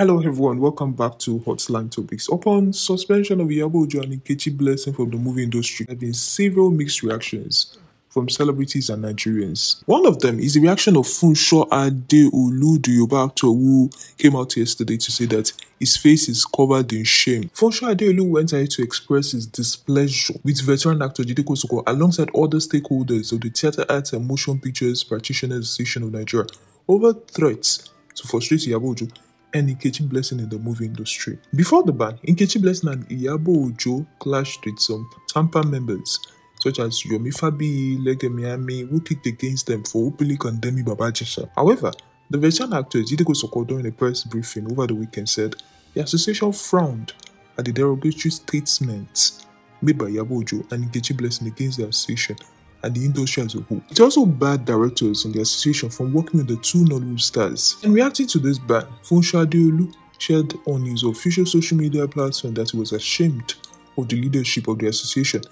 Hello everyone, welcome back to Hotline Topics. Upon suspension of Yabo Ojo and Blessing from the movie industry, there have been several mixed reactions from celebrities and Nigerians. One of them is the reaction of Funsho Adeolu, the Yoruba actor who came out yesterday to say that his face is covered in shame. Funsho Adeolu went ahead to express his displeasure with veteran actor Jide Kosoko alongside other stakeholders of the Theatre Arts and Motion Pictures Practitioners Association of Nigeria over threats to frustrate Yaboju. Ojo and Nkechi Blessing in the movie industry. Before the ban, Nkechi Blessing and Iyabo Ojo clashed with some Tampa members such as Yomi Fabi, Lege Miami, who kicked against them for openly condemning Babajisha. However, the veteran actor Jideko Soko during a press briefing over the weekend said the association frowned at the derogatory statements made by Iyabo Ojo and Nkechi Blessing against the association and the industry as a whole. It also barred directors in the association from working with the two Nollywood stars. In reacting to this ban, Funsho Adeolu shared on his official social media platform that he was ashamed of the leadership of the association,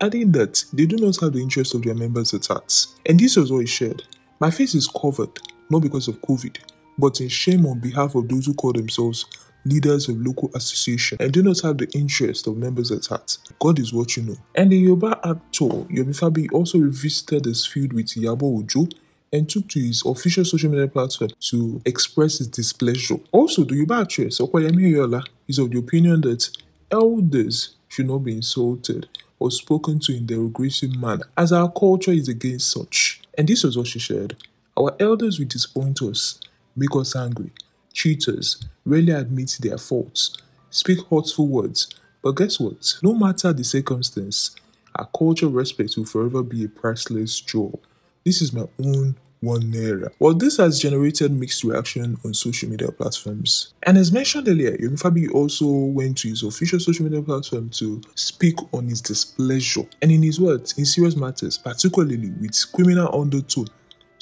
adding that they do not have the interest of their members at heart. And this was what he shared. My face is covered, not because of COVID, but in shame on behalf of those who call themselves leaders of local association and do not have the interest of members at heart. God is what you know. And the Yoruba actor Yomifabi also revisited this field with Yabo Ojo and took to his official social media platform to express his displeasure. Also, the Yoruba actress Okoyemi Yola is of the opinion that elders should not be insulted or spoken to in derogatory manner, as our culture is against such. And this was what she said. Our elders will disappoint us, make us angry, cheaters, rarely admit their faults, speak hurtful words. But guess what? No matter the circumstance, our cultural respect will forever be a priceless jewel. This is my own one naira. Well, this has generated mixed reaction on social media platforms. And as mentioned earlier, Fabi also went to his official social media platform to speak on his displeasure and in his words, in serious matters, particularly with criminal undertone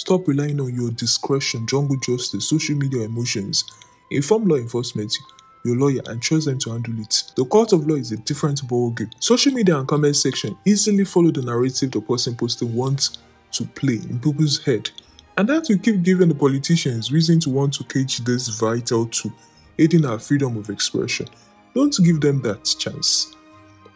Stop relying on your discretion, jumble justice, social media emotions. Inform law enforcement, your lawyer, and trust them to handle it. The court of law is a different ballgame. Social media and comment section easily follow the narrative the person posting wants to play in people's head. And that will keep giving the politicians reason to want to cage this vital tool, aiding our freedom of expression. Don't give them that chance.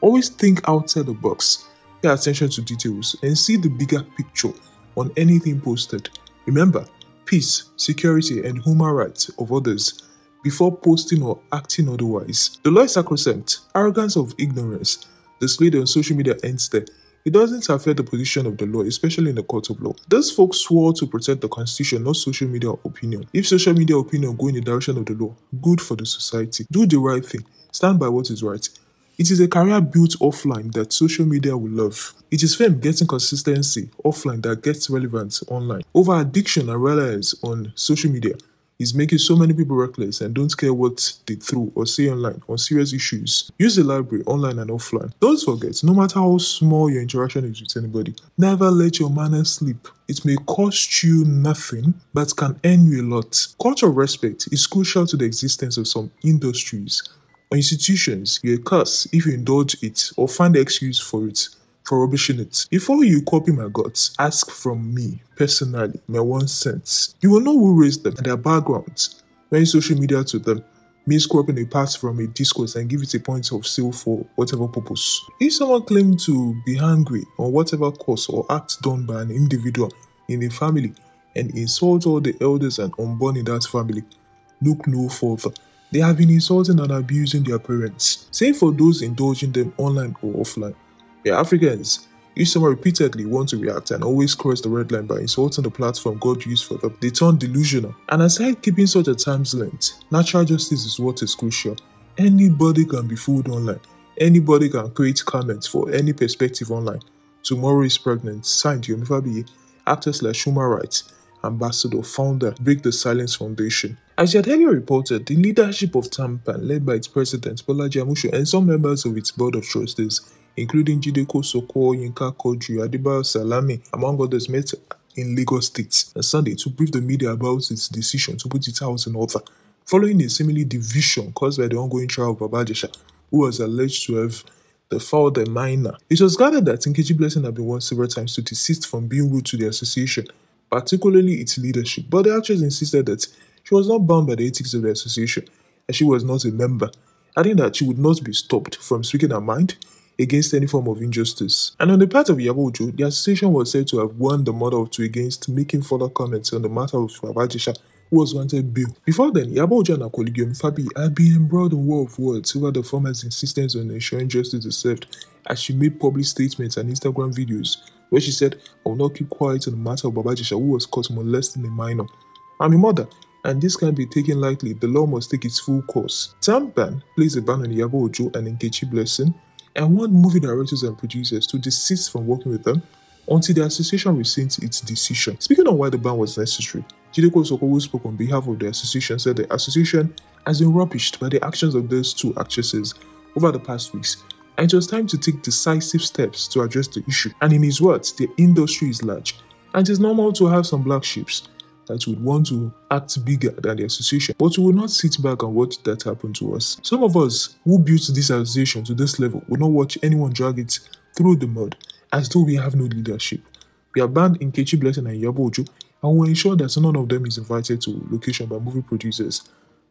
Always think outside the box, pay attention to details, and see the bigger picture on anything posted. Remember, peace, security, and human rights of others before posting or acting otherwise. The law is sacrosanct, arrogance of ignorance displayed on social media ends there. It doesn't affect the position of the law, especially in the court of law. Those folks swore to protect the constitution, not social media opinion. If social media opinion go in the direction of the law, good for the society. Do the right thing. Stand by what is right. It is a career built offline that social media will love. It is fame getting consistency offline that gets relevant online. Over addiction and reliance on social media is making so many people reckless and don't care what they throw or say online on serious issues. Use the library online and offline. Don't forget, no matter how small your interaction is with anybody, never let your manners slip. It may cost you nothing, but can earn you a lot. Cultural respect is crucial to the existence of some industries institutions, you're a curse if you indulge it or find excuse for it, for rubbishing it. Before you copy my guts, ask from me personally my one cent. You will know who raised them and their backgrounds. When social media to them, means cropping a part from a discourse and give it a point of sale for whatever purpose. If someone claims to be hungry on whatever cause or act done by an individual in a family and insult all the elders and unborn in that family, look no further. They have been insulting and abusing their parents. Same for those indulging them online or offline. The Africans, if someone repeatedly wants to react and always cross the red line by insulting the platform God used for them, they turn delusional. And aside keeping such a time's length, natural justice is what is crucial. Anybody can be fooled online. Anybody can create comments for any perspective online. Tomorrow is pregnant. Signed Yomifabi, actor slash human rights ambassador, founder, Break the Silence Foundation. As he had earlier reported, the leadership of Tampan, led by its president Bolaji Amusho and some members of its board of trustees, including Jideko Soko, Yinka Kodri, Adiba Salami, among others, met in Lagos State on Sunday to brief the media about its decision to put its house in order, following a seemingly division caused by the ongoing trial of Babajisha, who was alleged to have defiled a minor. It was gathered that Nkechi Blessing had been warned several times to desist from being rude to the association, particularly its leadership, but the actress insisted that she was not bound by the ethics of the association, and she was not a member, adding that she would not be stopped from speaking her mind against any form of injustice. And on the part of Yabojo, the association was said to have warned the mother of two against making further comments on the matter of Babajisha, who was wanted bail. Before then, Yabojo and her colleague Fabi had been embroiled in war of words over the former's insistence on ensuring justice is served as she made public statements and Instagram videos where she said, I will not keep quiet on the matter of Babajisha, who was caught molesting a minor. I'm a mother, and this can't be taken lightly. The law must take its full course. Tampan plays a ban on Yabo Ojo and Nkechi Blessing and warned movie directors and producers to desist from working with them until the association rescinds its decision. Speaking on why the ban was necessary, Jideko Sokowo spoke on behalf of the association, said the association has been rubbished by the actions of those two actresses over the past weeks and it was time to take decisive steps to address the issue. And in his words, the industry is large, and it's normal to have some black ships that would want to act bigger than the association. But we will not sit back and watch that happen to us. Some of us who built this association to this level will not watch anyone drag it through the mud as though we have no leadership. We are banned in Kechi Blessing and Yaboju and will ensure that none of them is invited to location by movie producers.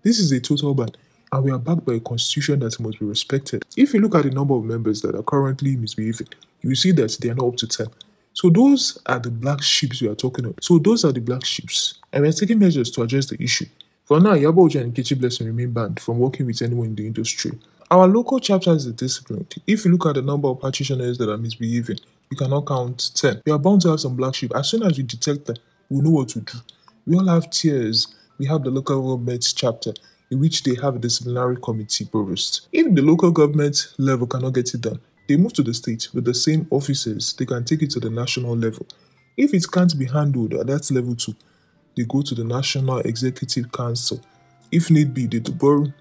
This is a total ban and we are backed by a constitution that must be respected. If you look at the number of members that are currently misbehaving, you will see that they are not up to 10. So those are the black ships we are talking about. So those are the black ships, And we are taking measures to address the issue. For now, Yaboja and Kichi Blessing remain banned from working with anyone in the industry. Our local chapter is disciplined. If you look at the number of practitioners that are misbehaving, you cannot count 10. We are bound to have some black sheep. As soon as we detect them, we know what to do. We all have tiers. We have the local government chapter, in which they have a disciplinary committee provost. If the local government level cannot get it done, they move to the state with the same officers, they can take it to the national level. If it can't be handled at that level too, they go to the National Executive Council. If need be, the board,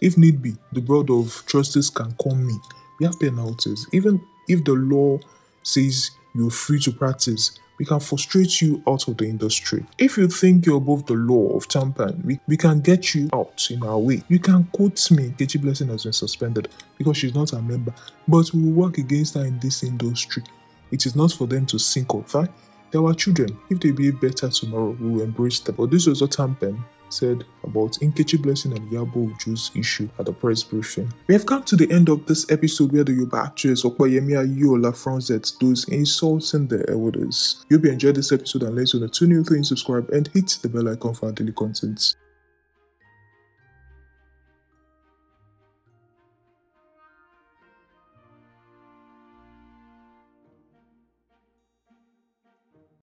if need be, the board of trustees can come in. We have penalties. Even if the law says you're free to practice, we can frustrate you out of the industry. If you think you're above the law of tampering, we, we can get you out in our way. You can quote me, Kechi Blessing has been suspended because she's not a member, but we will work against her in this industry. It is not for them to sink or die. They are children. If they behave better tomorrow, we will embrace them. But this was not tampering said about Inkechi Blessing and Yabo Uju's issue at the press briefing. We have come to the end of this episode where the Yoruba actress Okoyemi Ayola frowns at those insulting the elders. You'll be enjoyed this episode and let us know two new things, subscribe and hit the bell icon for daily content.